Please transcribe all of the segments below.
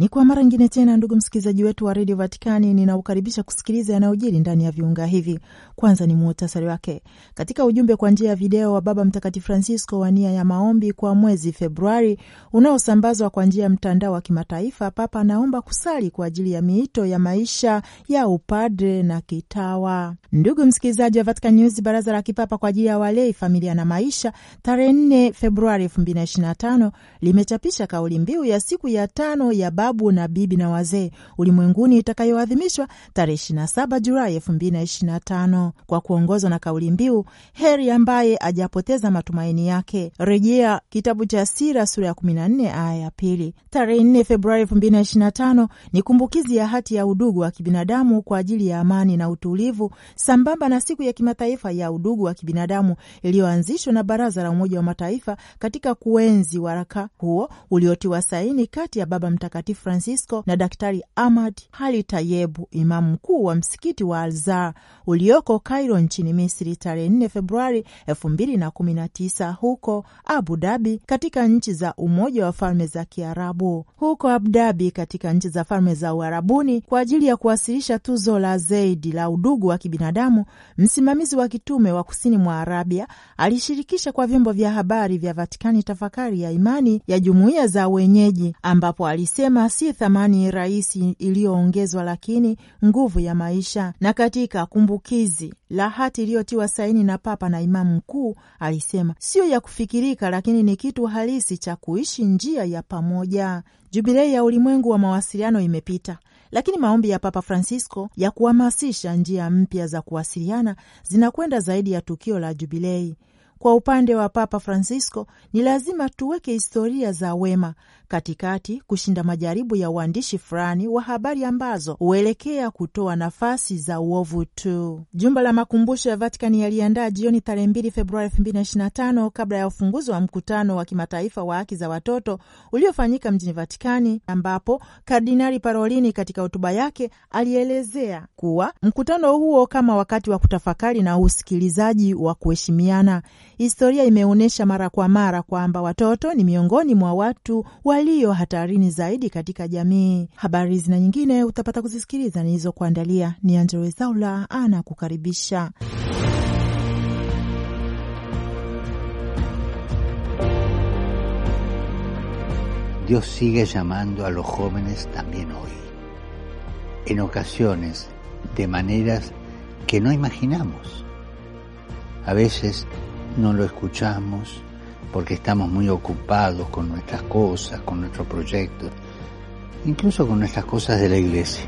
Ni kwa mara nyingine tena, ndugu msikilizaji wetu wa redio Vatikani, ninaukaribisha kusikiliza yanayojiri ndani ya viunga hivi. Kwanza ni muhtasari wake. Katika ujumbe kwa njia ya video wa Baba Mtakatifu Francisco wa nia ya maombi kwa mwezi Februari unaosambazwa kwa njia ya mtandao wa kimataifa, Papa anaomba kusali kwa ajili ya miito ya maisha ya upadre na kitawa. Ndugu msikilizaji wa Vatican News, baraza la kipapa kwa ajili ya walei, familia na maisha, tarehe 4 Februari 2025 limechapisha kauli mbiu ya siku ya tano ya Baba babu na bibi na wazee ulimwenguni itakayoadhimishwa tarehe 27 Julai 2025 kwa kuongozwa na kauli mbiu heri ambaye ajapoteza matumaini yake, rejea kitabu cha Sira sura ya 14 aya ya pili. Tarehe 4 Februari 2025 ni kumbukizi ya hati ya udugu wa kibinadamu kwa ajili ya amani na utulivu, sambamba na siku ya kimataifa ya udugu wa kibinadamu iliyoanzishwa na Baraza la Umoja wa Mataifa katika kuenzi waraka huo uliotiwa saini kati ya Baba Mtakatifu Francisco na Daktari Ahmad Hali Tayebu, imamu mkuu wa msikiti wa Alzar ulioko Cairo nchini Misri tarehe 4 Februari 2019 huko Abu Dhabi katika nchi za Umoja wa Falme za Kiarabu huko Abu Dhabi katika nchi za Falme za Uarabuni kwa ajili ya kuwasilisha tuzo la Zeidi la udugu wa kibinadamu. Msimamizi wa kitume wa kusini mwa Arabia alishirikisha kwa vyombo vya habari vya Vatikani tafakari ya imani ya jumuiya za wenyeji ambapo alisema si thamani rahisi iliyoongezwa, lakini nguvu ya maisha. Na katika kumbukizi la hati iliyotiwa saini na Papa na Imamu Mkuu alisema, siyo ya kufikirika, lakini ni kitu halisi cha kuishi njia ya pamoja. Jubilei ya ulimwengu wa mawasiliano imepita, lakini maombi ya Papa Francisco ya kuhamasisha njia mpya za kuwasiliana zinakwenda zaidi ya tukio la jubilei. Kwa upande wa Papa Francisco, ni lazima tuweke historia za wema katikati kushinda majaribu ya uandishi fulani wa habari ambazo huelekea kutoa nafasi za uovu tu. Jumba la makumbusho ya Vatikani yaliandaa jioni tarehe 2 Februari 2025 kabla ya ufunguzi wa mkutano wa kimataifa wa haki za watoto uliofanyika mjini Vatikani, ambapo Kardinali Parolini katika hotuba yake alielezea kuwa mkutano huo kama wakati wa kutafakari na usikilizaji wa kuheshimiana. Historia imeonyesha mara kwa mara kwamba watoto ni miongoni mwa watu wa Dios sigue llamando a los jóvenes también hoy, en ocasiones de maneras que no imaginamos. A veces no lo escuchamos, porque estamos muy ocupados con nuestras cosas, con nuestros proyectos, incluso con nuestras cosas de la iglesia.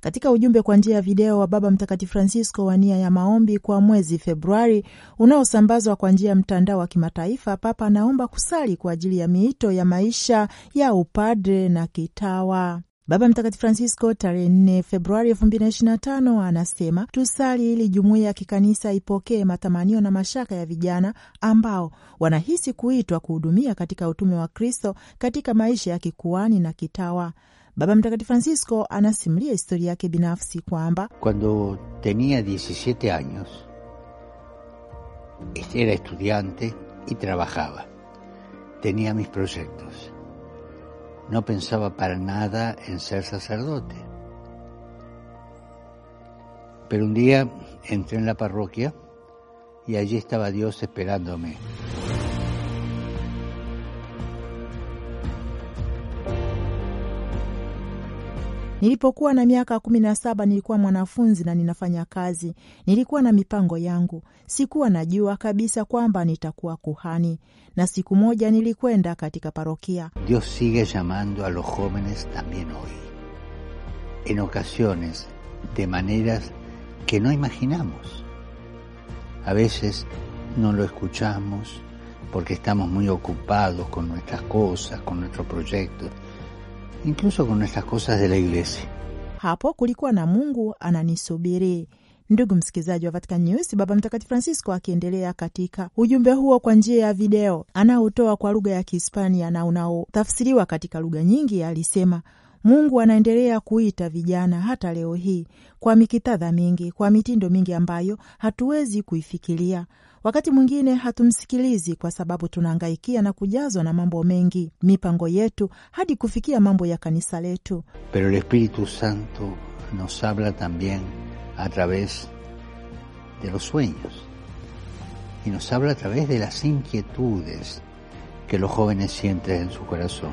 Katika ujumbe kwa njia ya video wa Baba Mtakatifu Francisco wa nia ya maombi kwa mwezi Februari unaosambazwa kwa njia ya mtandao wa kimataifa, Papa anaomba kusali kwa ajili ya miito ya maisha ya upadre na kitawa. Baba Mtakatifu Francisco tarehe 4 Februari 2025 anasema tusali ili jumuiya ya kikanisa ipokee matamanio na mashaka ya vijana ambao wanahisi kuitwa kuhudumia katika utume wa Kristo katika maisha ya kikuani na kitawa. Baba Mtakatifu Francisco anasimulia historia yake binafsi kwamba cuando tenia 17 años era estudiante y trabajaba tenia mis proyectos no pensaba para nada en ser sacerdote. Pero un día entré en la parroquia y allí estaba Dios esperándome. Nilipokuwa na miaka kumi na saba nilikuwa mwanafunzi na ninafanya kazi. Nilikuwa na mipango yangu, sikuwa najua kabisa kwamba nitakuwa kuhani, na siku moja nilikwenda katika parokia. Dios sigue llamando a los jóvenes también hoy en ocasiones de maneras que no imaginamos. A veces no lo escuchamos porque estamos muy ocupados con nuestras cosas, con nuestros proyectos incluso con nuestras cosas de la iglesia. Hapo kulikuwa na Mungu ananisubiri. Ndugu msikilizaji wa Vatican News, Baba Mtakatifu Francisco akiendelea katika ujumbe huo kwa njia ya video anaotoa kwa lugha ya Kihispania na unaotafsiriwa katika lugha nyingi, alisema Mungu anaendelea kuita vijana hata leo hii kwa mikitadha mingi, kwa mitindo mingi ambayo hatuwezi kuifikiria. Wakati mwingine hatumsikilizi kwa sababu tunahangaikia na kujazwa na mambo mengi, mipango yetu, hadi kufikia mambo ya kanisa letu. Pero el Espíritu Santo nos habla también a través de los sueños y nos habla a través de las inquietudes que los jóvenes sienten en su corazón.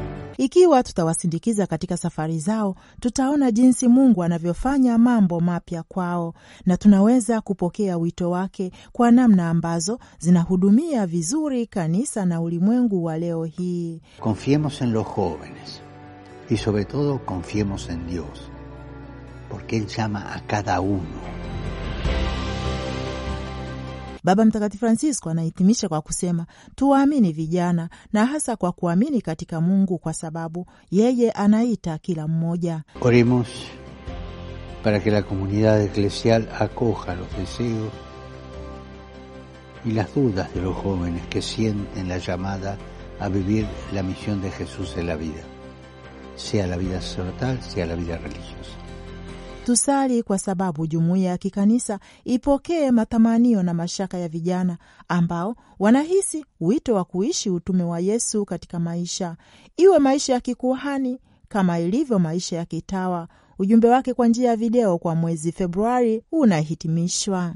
Ikiwa tutawasindikiza katika safari zao, tutaona jinsi Mungu anavyofanya mambo mapya kwao, na tunaweza kupokea wito wake kwa namna ambazo zinahudumia vizuri kanisa na ulimwengu wa leo hii. Confiemos en los jóvenes y sobre todo confiemos en Dios porque él llama a cada uno Baba Mtakatifu Francisco anahitimisha kwa kusema tuwaamini vijana na hasa kwa kuamini katika Mungu kwa sababu yeye anaita kila mmoja. Oremos para que la comunidad eclesial acoja los deseos y las dudas de los jóvenes que sienten la llamada a vivir la misión de Jesús en la vida, sea la vida sacerdotal, sea la vida religiosa. Tusali kwa sababu jumuiya ya kikanisa ipokee matamanio na mashaka ya vijana ambao wanahisi wito wa kuishi utume wa Yesu katika maisha, iwe maisha ya kikuhani kama ilivyo maisha ya kitawa. Ujumbe wake kwa njia ya video kwa mwezi Februari unahitimishwa.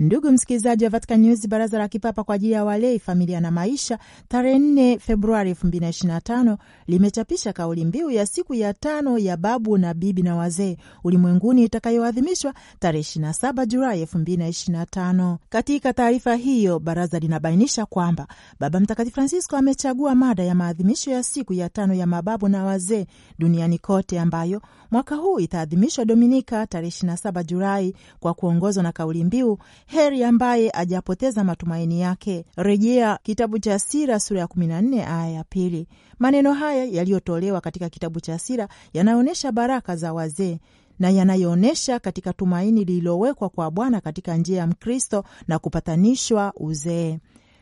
Ndugu msikilizaji wa Vatican News, baraza la kipapa kwa ajili ya walei, familia na maisha, tarehe 4 Februari 2025 limechapisha kauli mbiu ya siku ya tano ya babu na bibi na wazee ulimwenguni itakayoadhimishwa tarehe 27 Julai 2025. Katika taarifa hiyo, baraza linabainisha kwamba Baba Mtakatifu Francisco amechagua mada ya maadhimisho ya siku ya tano ya mababu na wazee duniani kote ambayo Mwaka huu itaadhimishwa Dominika tarehe 27 Julai kwa kuongozwa na kauli mbiu heri ambaye ajapoteza matumaini yake, rejea kitabu cha Sira sura ya 14 aya ya pili. Maneno haya yaliyotolewa katika kitabu cha Sira yanaonyesha baraka za wazee na yanayoonyesha katika tumaini lililowekwa kwa Bwana katika njia ya Mkristo na kupatanishwa uzee.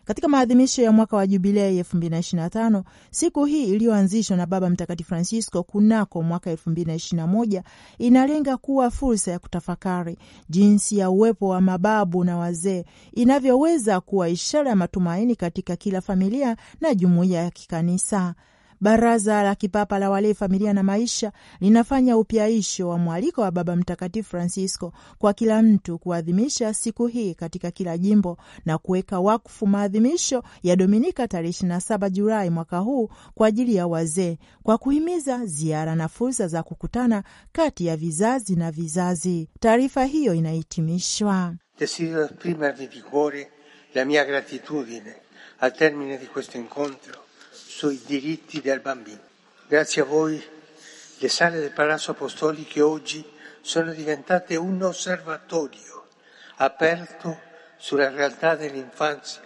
Katika maadhimisho ya mwaka wa jubilei 2025 siku hii iliyoanzishwa na Baba Mtakatifu Francisco kunako mwaka 2021 inalenga kuwa fursa ya kutafakari jinsi ya uwepo wa mababu na wazee inavyoweza kuwa ishara ya matumaini katika kila familia na jumuiya ya kikanisa. Baraza la Kipapa la Walei, Familia na Maisha linafanya upyaisho wa mwaliko wa Baba Mtakatifu Francisco kwa kila mtu kuadhimisha siku hii katika kila jimbo na kuweka wakfu maadhimisho ya Dominika tarehe 27 Julai mwaka huu kwa ajili ya wazee kwa kuhimiza ziara na fursa za kukutana kati ya vizazi na vizazi. Taarifa hiyo inahitimishwa. Desidero prima di vigore la mia gratitudine al termine di questo incontro sui diritti del bambino. Grazie a voi le sale del Palazzo Apostolico oggi sono diventate un osservatorio aperto sulla realtà dell'infanzia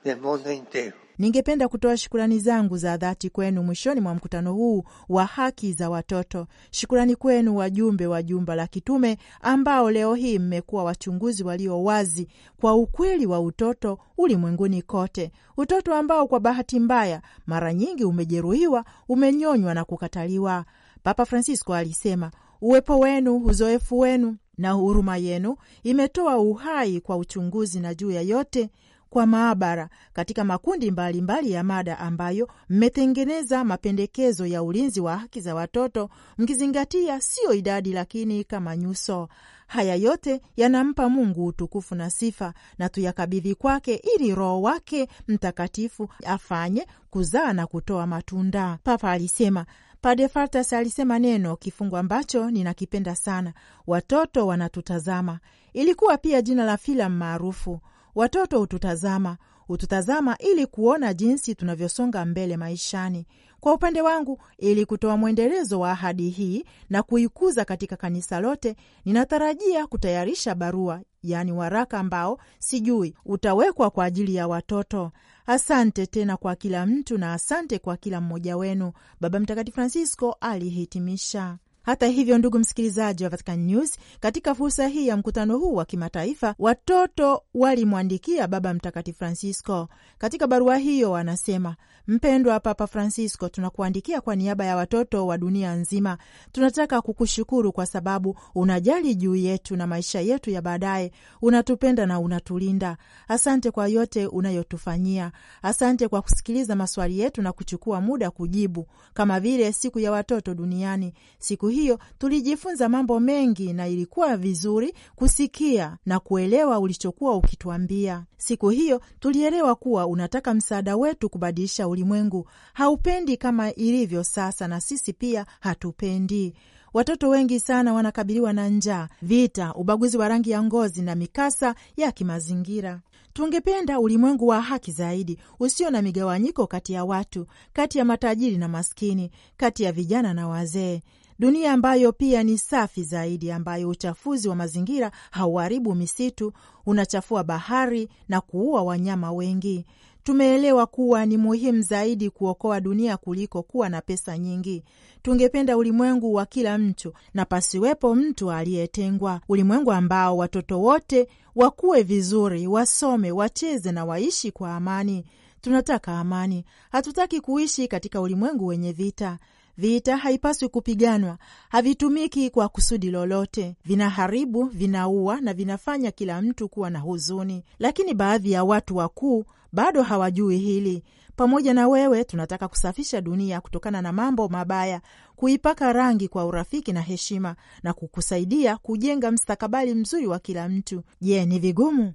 nel mondo intero. Ningependa kutoa shukurani zangu za dhati kwenu mwishoni mwa mkutano huu wa haki za watoto. Shukurani kwenu wajumbe wa jumba la kitume ambao leo hii mmekuwa wachunguzi walio wazi kwa ukweli wa utoto ulimwenguni kote, utoto ambao kwa bahati mbaya mara nyingi umejeruhiwa, umenyonywa na kukataliwa. Papa Francisco alisema uwepo wenu, uzoefu wenu na huruma yenu imetoa uhai kwa uchunguzi na juu ya yote kwa maabara katika makundi mbalimbali mbali ya mada ambayo mmetengeneza mapendekezo ya ulinzi wa haki za watoto, mkizingatia siyo idadi, lakini kama nyuso. Haya yote yanampa Mungu utukufu na sifa, na tuyakabidhi kwake ili Roho wake Mtakatifu afanye kuzaa na kutoa matunda. Papa alisema. pade Fartas alisema neno kifungu ambacho ninakipenda sana, watoto wanatutazama. Ilikuwa pia jina la filamu maarufu Watoto hututazama, hututazama ili kuona jinsi tunavyosonga mbele maishani. Kwa upande wangu, ili kutoa mwendelezo wa ahadi hii na kuikuza katika kanisa lote, ninatarajia kutayarisha barua, yaani waraka ambao sijui utawekwa kwa ajili ya watoto. Asante tena kwa kila mtu na asante kwa kila mmoja wenu, Baba Mtakatifu Francisco alihitimisha. Hata hivyo, ndugu msikilizaji wa Vatican News, katika fursa hii ya mkutano huu wa kimataifa, watoto walimwandikia Baba Mtakatifu Francisco. Katika barua hiyo wanasema: Mpendwa Papa Francisco, tunakuandikia kwa niaba ya watoto wa dunia nzima. Tunataka kukushukuru kwa sababu unajali juu yetu na maisha yetu ya baadaye, unatupenda na unatulinda. Asante kwa yote unayotufanyia. Asante kwa kusikiliza maswali yetu na kuchukua muda kujibu, kama vile siku ya watoto duniani siku hiyo tulijifunza mambo mengi na ilikuwa vizuri kusikia na kuelewa ulichokuwa ukituambia. Siku hiyo tulielewa kuwa unataka msaada wetu kubadilisha ulimwengu. Haupendi kama ilivyo sasa, na sisi pia hatupendi. Watoto wengi sana wanakabiliwa na njaa, vita, ubaguzi wa rangi ya ngozi na mikasa ya kimazingira. Tungependa ulimwengu wa haki zaidi, usio na migawanyiko kati ya watu, kati ya matajiri na maskini, kati ya vijana na wazee, dunia ambayo pia ni safi zaidi, ambayo uchafuzi wa mazingira hauharibu misitu, unachafua bahari na kuua wanyama wengi. Tumeelewa kuwa ni muhimu zaidi kuokoa dunia kuliko kuwa na pesa nyingi. Tungependa ulimwengu wa kila mtu na pasiwepo mtu aliyetengwa, ulimwengu ambao watoto wote wakuwe vizuri, wasome, wacheze na waishi kwa amani. Tunataka amani, hatutaki kuishi katika ulimwengu wenye vita. Vita haipaswi kupiganwa, havitumiki kwa kusudi lolote. Vinaharibu, vinaua na vinafanya kila mtu kuwa na huzuni, lakini baadhi ya watu wakuu bado hawajui hili. Pamoja na wewe tunataka kusafisha dunia kutokana na mambo mabaya, kuipaka rangi kwa urafiki na heshima, na kukusaidia kujenga mstakabali mzuri wa kila mtu. Je, ni vigumu?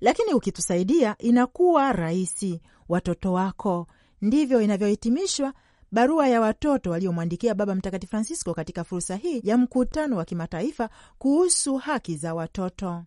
Lakini ukitusaidia inakuwa rahisi. Watoto wako. Ndivyo inavyohitimishwa barua ya watoto waliomwandikia Baba Mtakatifu Francisco katika fursa hii ya mkutano wa kimataifa kuhusu haki za watoto.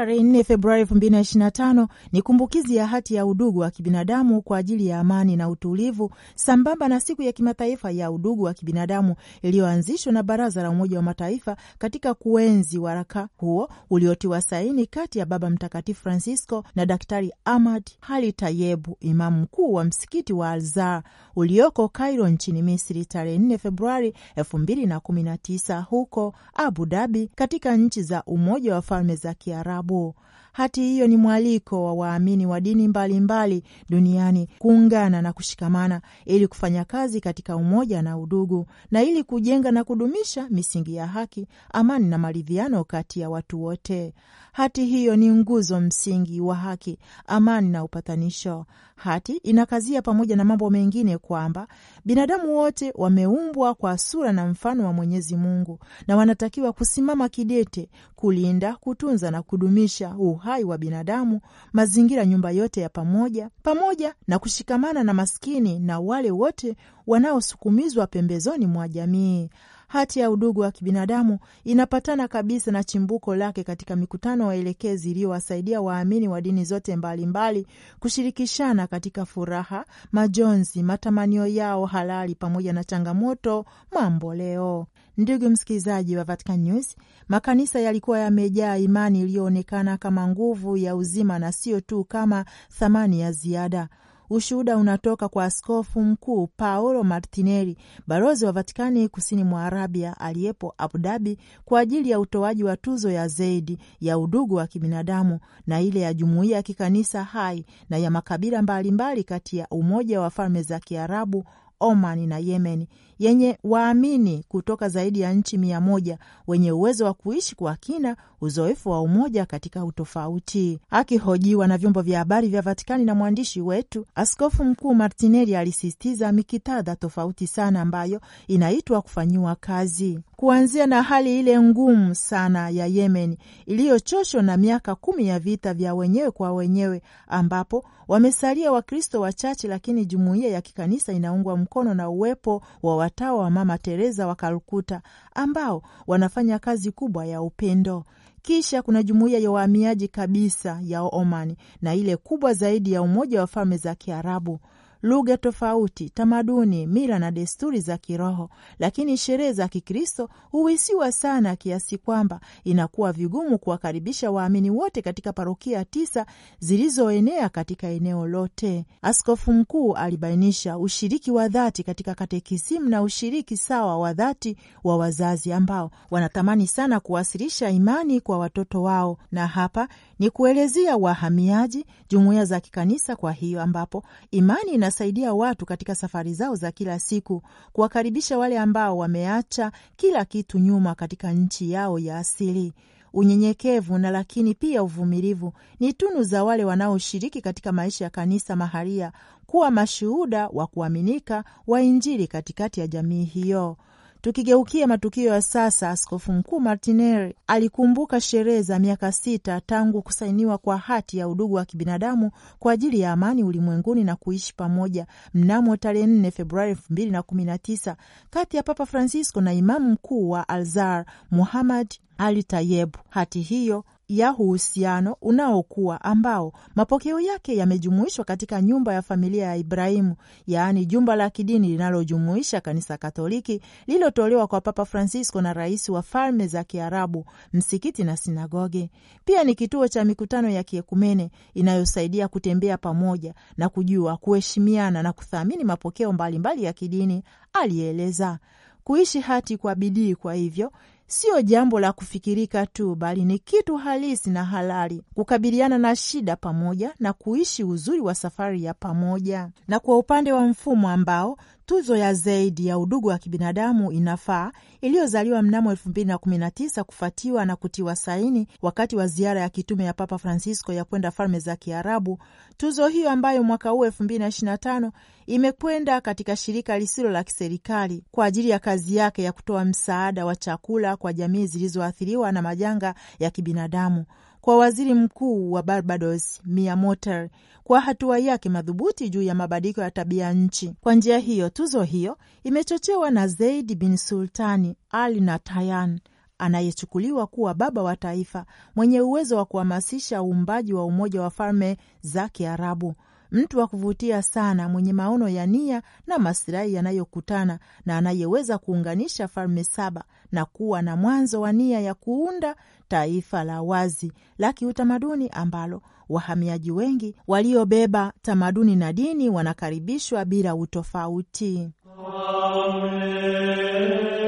tarehe 4 Februari 2025 ni kumbukizi ya hati ya udugu wa kibinadamu kwa ajili ya amani na utulivu sambamba na siku ya kimataifa ya udugu wa kibinadamu iliyoanzishwa na Baraza la Umoja wa Mataifa katika kuenzi waraka huo uliotiwa saini kati ya Baba Mtakatifu Francisco na Daktari Ahmad hali Tayebu, imamu mkuu wa msikiti wa Alzar ulioko Cairo nchini Misri tarehe 4 Februari 2019 huko Abu Dhabi katika nchi za Umoja wa Falme za Kiarabu. Hati hiyo ni mwaliko wa waamini wa dini mbalimbali mbali duniani kuungana na kushikamana ili kufanya kazi katika umoja na udugu na ili kujenga na kudumisha misingi ya haki, amani na maridhiano kati ya watu wote. Hati hiyo ni nguzo msingi wa haki, amani na upatanisho. Hati inakazia pamoja na mambo mengine kwamba binadamu wote wameumbwa kwa sura na mfano wa Mwenyezi Mungu na wanatakiwa kusimama kidete kulinda, kutunza na kudumisha uhai uhai wa binadamu, mazingira, nyumba yote ya pamoja, pamoja na kushikamana na maskini na wale wote wanaosukumizwa pembezoni mwa jamii. Hati ya udugu wa kibinadamu inapatana kabisa na chimbuko lake katika mikutano waelekezi iliyowasaidia waamini wa dini zote mbalimbali mbali, kushirikishana katika furaha, majonzi, matamanio yao halali pamoja na changamoto mamboleo. Ndugu msikilizaji wa Vatican News, makanisa yalikuwa yamejaa imani iliyoonekana kama nguvu ya uzima na sio tu kama thamani ya ziada. Ushuhuda unatoka kwa askofu mkuu Paolo Martinelli, balozi wa Vatikani kusini mwa Arabia aliyepo Abu Dhabi kwa ajili ya utoaji wa tuzo ya Zeidi ya udugu wa kibinadamu na ile ya jumuiya ya kikanisa hai na ya makabila mbalimbali kati ya Umoja wa Falme za Kiarabu, omani na yemeni yenye waamini kutoka zaidi ya nchi mia moja wenye uwezo wa kuishi kwa kina uzoefu wa umoja katika utofauti. Akihojiwa na vyombo vya habari vya Vatikani na mwandishi wetu, Askofu Mkuu Martinelli alisisitiza mikitadha tofauti sana ambayo inaitwa kufanyiwa kazi, kuanzia na hali ile ngumu sana ya Yemen iliyochoshwa na miaka kumi ya vita vya wenyewe kwa wenyewe, ambapo wamesalia Wakristo wachache, lakini jumuiya ya kikanisa inaungwa mkono na uwepo wa wafuatao wa Mama Teresa wa Kalkuta ambao wanafanya kazi kubwa ya upendo. Kisha kuna jumuiya ya wahamiaji kabisa ya Omani na ile kubwa zaidi ya Umoja wa Falme za Kiarabu lugha tofauti, tamaduni, mila na desturi za kiroho, lakini sherehe za Kikristo huwisiwa sana kiasi kwamba inakuwa vigumu kuwakaribisha waamini wote katika parokia tisa zilizoenea katika eneo lote. Askofu mkuu alibainisha ushiriki wa dhati katika katekisimu na ushiriki sawa wa dhati wa wazazi ambao wanatamani sana kuwasilisha imani kwa watoto wao, na hapa ni kuelezea wahamiaji, jumuiya za kikanisa, kwa hiyo ambapo imani ina inasaidia watu katika safari zao za kila siku, kuwakaribisha wale ambao wameacha kila kitu nyuma katika nchi yao ya asili. Unyenyekevu na lakini pia uvumilivu ni tunu za wale wanaoshiriki katika maisha ya kanisa maharia, kuwa mashuhuda wa kuaminika wa Injili katikati ya jamii hiyo. Tukigeukia matukio ya sasa, askofu mkuu Martinelli alikumbuka sherehe za miaka sita tangu kusainiwa kwa hati ya udugu wa kibinadamu kwa ajili ya amani ulimwenguni na kuishi pamoja mnamo tarehe 4 Februari tisa kati ya Papa Francisco na imamu mkuu wa Alzar Muhammad Ali Tayeb. Hati hiyo ya uhusiano unaokuwa ambao mapokeo yake yamejumuishwa katika nyumba ya familia ya Ibrahimu, yaani jumba la kidini linalojumuisha kanisa Katoliki lililotolewa kwa Papa Francisco na rais wa Falme za Kiarabu, msikiti na sinagoge. Pia ni kituo cha mikutano ya kiekumene inayosaidia kutembea pamoja na kujua, kuheshimiana na kuthamini mapokeo mbalimbali mbali ya kidini, alieleza kuishi hati kwa bidii. Kwa hivyo siyo jambo la kufikirika tu, bali ni kitu halisi na halali, kukabiliana na shida pamoja na kuishi uzuri wa safari ya pamoja. Na kwa upande wa mfumo ambao tuzo ya zaidi ya udugu wa kibinadamu inafaa iliyozaliwa mnamo 2019 kufuatiwa na kutiwa saini wakati wa ziara ya kitume ya Papa Francisco ya kwenda Falme za Kiarabu. Tuzo hiyo ambayo mwaka huu 2025 imekwenda katika shirika lisilo la kiserikali kwa ajili ya kazi yake ya kutoa msaada wa chakula kwa jamii zilizoathiriwa na majanga ya kibinadamu kwa waziri mkuu wa Barbados Mia Mottley kwa hatua yake madhubuti juu ya mabadiliko ya tabia nchi. Kwa njia hiyo, tuzo hiyo imechochewa na Zeid bin Sultani Al Natayan anayechukuliwa kuwa baba wa taifa mwenye uwezo wa kuhamasisha uumbaji wa Umoja wa Falme za Kiarabu mtu wa kuvutia sana mwenye maono ya nia na masilahi yanayokutana na anayeweza kuunganisha falme saba na kuwa na mwanzo wa nia ya kuunda taifa la wazi la kiutamaduni ambalo wahamiaji wengi waliobeba tamaduni na dini wanakaribishwa bila utofauti. Amen.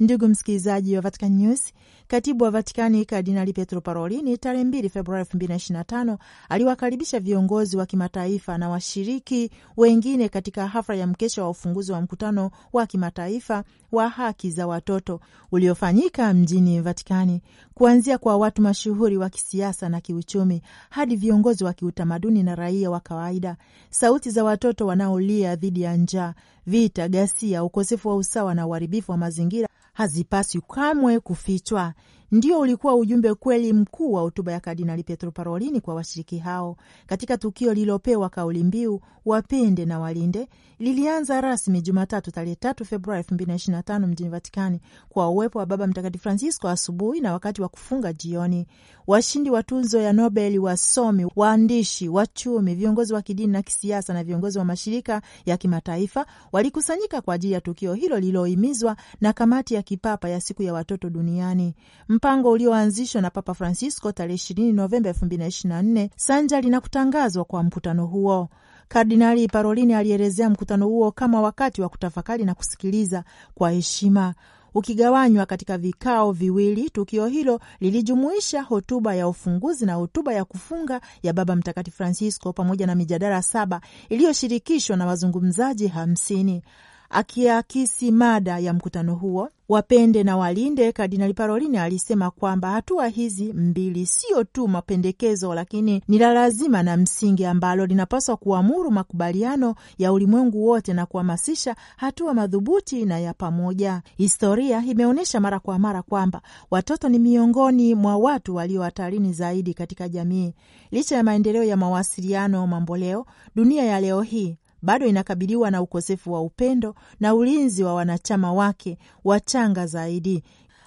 Ndugu msikilizaji wa Vatican News, katibu wa Vatikani Kardinali Petro Parolini tarehe 2 Februari 2025 aliwakaribisha viongozi wa kimataifa na washiriki wengine katika hafla ya mkesha wa ufunguzi wa mkutano wa kimataifa wa haki za watoto uliofanyika mjini Vatikani, kuanzia kwa watu mashuhuri wa kisiasa na kiuchumi hadi viongozi wa kiutamaduni na raia wa kawaida. Sauti za watoto wanaolia dhidi ya njaa, vita, ghasia, ukosefu wa usawa na uharibifu wa mazingira hazipaswi kamwe kufichwa. Ndio ulikuwa ujumbe kweli mkuu wa hotuba ya Kardinali Pietro Parolini kwa washiriki hao katika tukio lililopewa kauli mbiu wapende na walinde. Lilianza rasmi Jumatatu tarehe tatu Februari elfu mbili na na tano mjini Vatikani kwa uwepo wa Baba Mtakatifu Francisco asubuhi na wakati wa kufunga jioni washindi wa tunzo ya Nobel, wasomi, waandishi, wachumi, viongozi wa kidini na kisiasa na viongozi wa mashirika ya kimataifa walikusanyika kwa ajili ya tukio hilo lililohimizwa na kamati ya kipapa ya siku ya watoto duniani, mpango ulioanzishwa na Papa Francisco tarehe 20 Novemba 2024 sanjari na kutangazwa kwa mkutano huo. Kardinali Parolini alielezea mkutano huo kama wakati wa kutafakari na kusikiliza kwa heshima, ukigawanywa katika vikao viwili. Tukio hilo lilijumuisha hotuba ya ufunguzi na hotuba ya kufunga ya Baba Mtakatifu Francisco pamoja na mijadala saba iliyoshirikishwa na wazungumzaji hamsini. Akiakisi mada ya mkutano huo, wapende na walinde, Kardinali paroline alisema kwamba hatua hizi mbili sio tu mapendekezo, lakini ni la lazima na msingi ambalo linapaswa kuamuru makubaliano ya ulimwengu wote na kuhamasisha hatua madhubuti na ya pamoja. Historia imeonyesha mara kwa mara kwamba watoto ni miongoni mwa watu walio hatarini zaidi katika jamii. Licha ya maendeleo ya mawasiliano mamboleo, dunia ya leo hii bado inakabiliwa na ukosefu wa upendo na ulinzi wa wanachama wake wachanga zaidi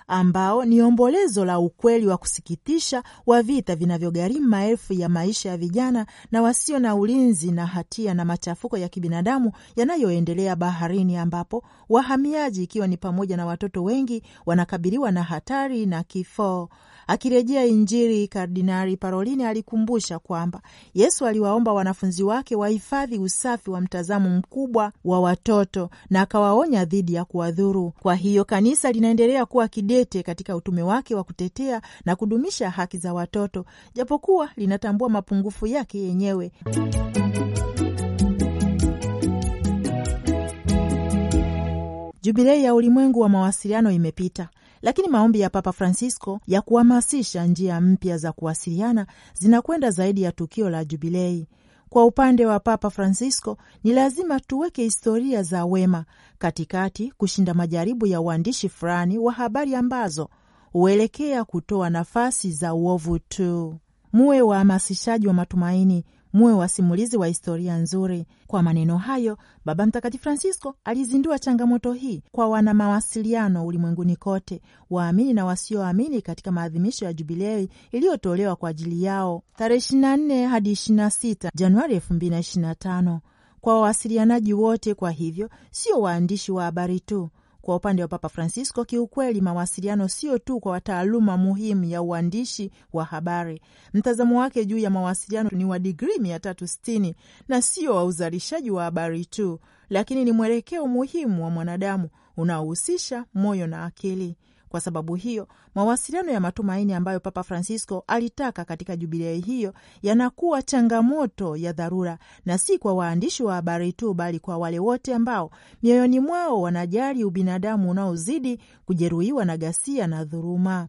ambao ni ombolezo la ukweli wa kusikitisha wa vita vinavyogharimu maelfu ya maisha ya vijana na wasio na ulinzi na hatia na machafuko ya kibinadamu yanayoendelea baharini, ambapo wahamiaji ikiwa ni pamoja na watoto wengi wanakabiliwa na hatari na kifo. Akirejea Injili, kardinari Parolini alikumbusha kwamba Yesu aliwaomba wanafunzi wake wahifadhi usafi wa mtazamo mkubwa wa watoto na akawaonya dhidi ya kuwadhuru. Kwa hiyo kanisa linaendelea kuwa kidete katika utume wake wa kutetea na kudumisha haki za watoto, japokuwa linatambua mapungufu yake yenyewe. Jubilei ya ulimwengu wa mawasiliano imepita, lakini maombi ya Papa Francisco ya kuhamasisha njia mpya za kuwasiliana zinakwenda zaidi ya tukio la Jubilei. Kwa upande wa Papa Francisco, ni lazima tuweke historia za wema katikati kushinda majaribu ya uandishi fulani wa habari ambazo huelekea kutoa nafasi za uovu tu. Muwe wahamasishaji wa matumaini, muwe wasimulizi wa historia nzuri. Kwa maneno hayo, Baba Mtakatifu Francisco alizindua changamoto hii kwa wana mawasiliano ulimwenguni kote, waamini na wasioamini, katika maadhimisho ya jubilei iliyotolewa kwa ajili yao tarehe 24 hadi 26 Januari 2025 kwa wawasilianaji wote. Kwa hivyo sio waandishi wa habari tu kwa upande wa Papa Francisco, kiukweli mawasiliano sio tu kwa taaluma muhimu ya uandishi wa habari. Mtazamo wake juu ya mawasiliano ni wa digrii mia tatu sitini na sio wa uzalishaji wa habari tu, lakini ni mwelekeo muhimu wa mwanadamu unaohusisha moyo na akili. Kwa sababu hiyo, mawasiliano ya matumaini ambayo Papa Francisco alitaka katika jubilei hiyo yanakuwa changamoto ya dharura, na si kwa waandishi wa habari tu, bali kwa wale wote ambao mioyoni mwao wanajali ubinadamu unaozidi kujeruhiwa na ghasia na dhuruma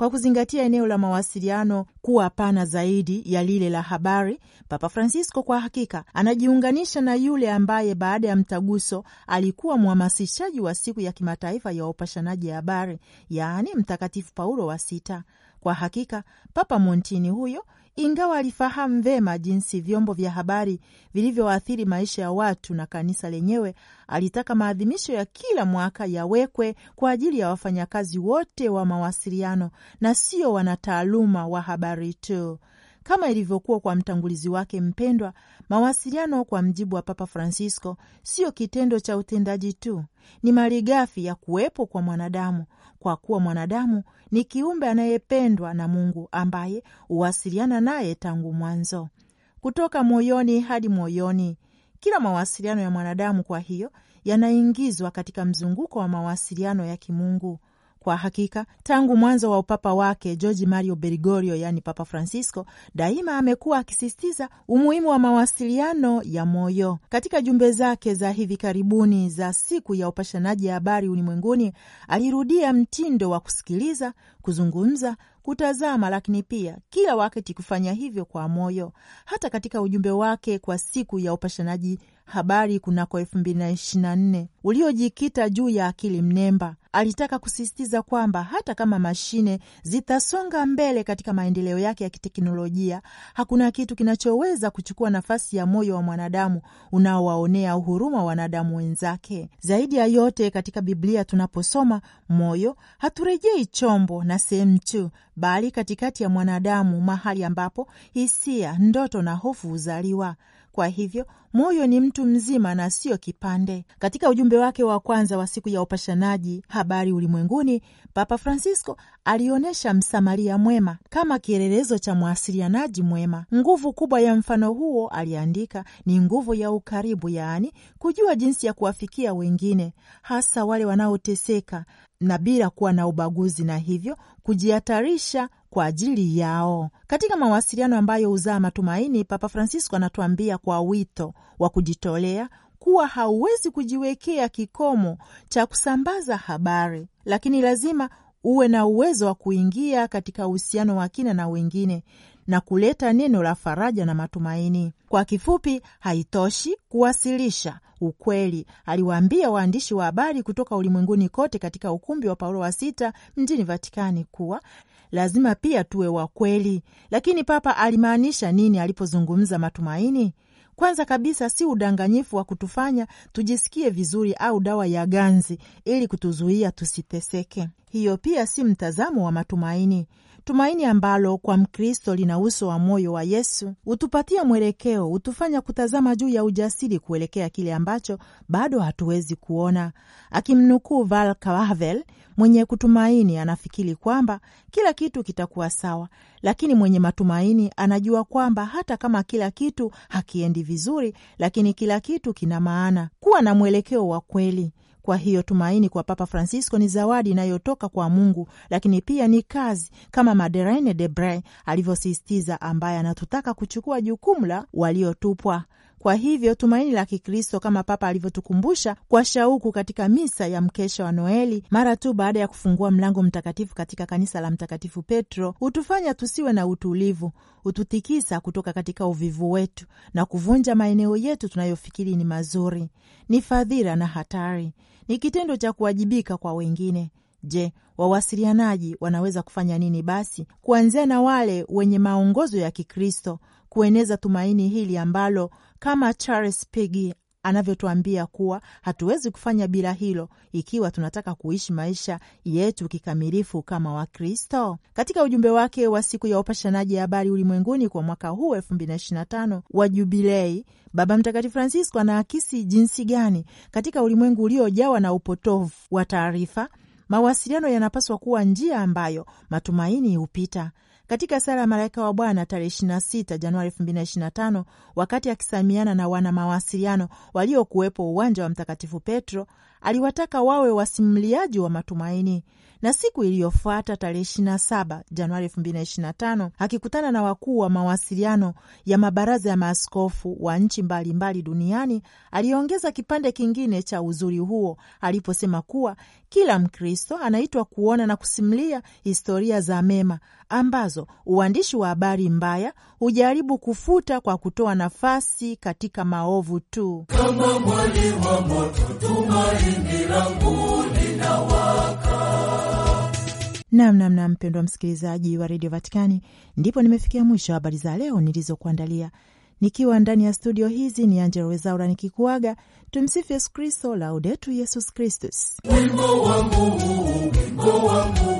kwa kuzingatia eneo la mawasiliano kuwa pana zaidi ya lile la habari. Papa Francisco kwa hakika anajiunganisha na yule ambaye baada ya mtaguso alikuwa mhamasishaji wa siku ya kimataifa ya upashanaji habari, yaani Mtakatifu Paulo wa Sita. Kwa hakika Papa Montini huyo ingawa alifahamu vema jinsi vyombo vya habari vilivyoathiri maisha ya watu na kanisa lenyewe, alitaka maadhimisho ya kila mwaka yawekwe kwa ajili ya wafanyakazi wote wa mawasiliano na sio wanataaluma wa habari tu. Kama ilivyokuwa kwa mtangulizi wake mpendwa, mawasiliano kwa mjibu wa Papa Francisco sio kitendo cha utendaji tu, ni malighafi ya kuwepo kwa mwanadamu kwa kuwa mwanadamu ni kiumbe anayependwa na Mungu ambaye huwasiliana naye tangu mwanzo, kutoka moyoni hadi moyoni. Kila mawasiliano ya mwanadamu, kwa hiyo, yanaingizwa katika mzunguko wa mawasiliano ya kimungu. Kwa hakika tangu mwanzo wa upapa wake Jorge Mario Bergoglio, yaani Papa Francisco, daima amekuwa akisisitiza umuhimu wa mawasiliano ya moyo. Katika jumbe zake za hivi karibuni za siku ya upashanaji habari ulimwenguni, alirudia mtindo wa kusikiliza, kuzungumza kutazama lakini pia kila wakati kufanya hivyo kwa moyo. Hata katika ujumbe wake kwa siku ya upashanaji habari kunako elfu mbili na ishirini na nne uliojikita juu ya akili mnemba, Alitaka kusisitiza kwamba hata kama mashine zitasonga mbele katika maendeleo yake ya kiteknolojia, hakuna kitu kinachoweza kuchukua nafasi ya moyo wa mwanadamu unaowaonea uhuruma wanadamu wenzake. Zaidi ya yote, katika Biblia tunaposoma moyo, haturejei chombo na sehemu tu, bali katikati ya mwanadamu, mahali ambapo hisia, ndoto na hofu huzaliwa. Kwa hivyo moyo ni mtu mzima na sio kipande. Katika ujumbe wake wa kwanza wa siku ya upashanaji habari ulimwenguni, Papa Francisco alionyesha msamaria mwema kama kielelezo cha mwasilianaji mwema. Nguvu kubwa ya mfano huo, aliandika, ni nguvu ya ukaribu, yaani kujua jinsi ya kuwafikia wengine, hasa wale wanaoteseka na bila kuwa na ubaguzi, na hivyo kujihatarisha kwa ajili yao. Katika mawasiliano ambayo huzaa matumaini, Papa Francisco anatuambia kwa wito wa kujitolea kuwa hauwezi kujiwekea kikomo cha kusambaza habari, lakini lazima uwe na uwezo wa kuingia katika uhusiano wa kina na wengine na kuleta neno la faraja na matumaini. Kwa kifupi, haitoshi kuwasilisha ukweli, aliwaambia waandishi wa habari kutoka ulimwenguni kote katika ukumbi wa Paulo wa Sita mjini Vatikani kuwa lazima pia tuwe wa kweli. Lakini Papa alimaanisha nini alipozungumza matumaini? Kwanza kabisa si udanganyifu wa kutufanya tujisikie vizuri au dawa ya ganzi ili kutuzuia tusiteseke. Hiyo pia si mtazamo wa matumaini tumaini ambalo kwa Mkristo lina uso wa moyo wa Yesu hutupatia mwelekeo, hutufanya kutazama juu ya ujasiri kuelekea kile ambacho bado hatuwezi kuona. Akimnukuu Val Kawavel, mwenye kutumaini anafikiri kwamba kila kitu kitakuwa sawa, lakini mwenye matumaini anajua kwamba hata kama kila kitu hakiendi vizuri, lakini kila kitu kina maana. Kuwa na mwelekeo wa kweli kwa hiyo tumaini kwa Papa Francisco ni zawadi inayotoka kwa Mungu, lakini pia ni kazi, kama Madeleine de Brey alivyosisitiza, ambaye anatutaka kuchukua jukumu la waliotupwa kwa hivyo tumaini la Kikristo, kama Papa alivyotukumbusha kwa shauku katika misa ya mkesha wa Noeli mara tu baada ya kufungua mlango mtakatifu katika kanisa la Mtakatifu Petro, hutufanya tusiwe na utulivu, hututikisa kutoka katika uvivu wetu na kuvunja maeneo yetu tunayofikiri ni mazuri. Ni fadhila na hatari, ni kitendo cha kuwajibika kwa wengine Je, wawasilianaji wanaweza kufanya nini basi, kuanzia na wale wenye maongozo ya Kikristo kueneza tumaini hili ambalo kama Charles Pigi anavyotuambia kuwa hatuwezi kufanya bila hilo ikiwa tunataka kuishi maisha yetu kikamilifu kama Wakristo. Katika ujumbe wake wa siku ya upashanaji habari ulimwenguni kwa mwaka huu tano wa Jubilei, Baba Mtakatifu Francisco anaakisi jinsi gani katika ulimwengu uliojawa na upotofu wa taarifa Mawasiliano yanapaswa kuwa njia ambayo matumaini hupita. Katika sala ya malaika wa Bwana tarehe 26 Januari 2025, wakati akisamiana na wana mawasiliano waliokuwepo uwanja wa Mtakatifu Petro, aliwataka wawe wasimliaji wa matumaini na siku iliyofuata tarehe 27 Januari 2025 akikutana na wakuu wa mawasiliano ya mabaraza ya maaskofu wa nchi mbalimbali mbali duniani, aliongeza kipande kingine cha uzuri huo aliposema kuwa kila Mkristo anaitwa kuona na kusimulia historia za mema ambazo uandishi wa habari mbaya hujaribu kufuta kwa kutoa nafasi katika maovu tu, kama mwali wa moto tumai Namnamna mpendwa msikilizaji wa redio Vatikani, ndipo nimefikia mwisho wa habari za leo nilizokuandalia nikiwa ndani ya studio hizi. Ni Angela Wezaura nikikuaga. Tumsifu Yesu Kristo, Laudetu Yesus Kristus. Wimbo wangu, wimbo wangu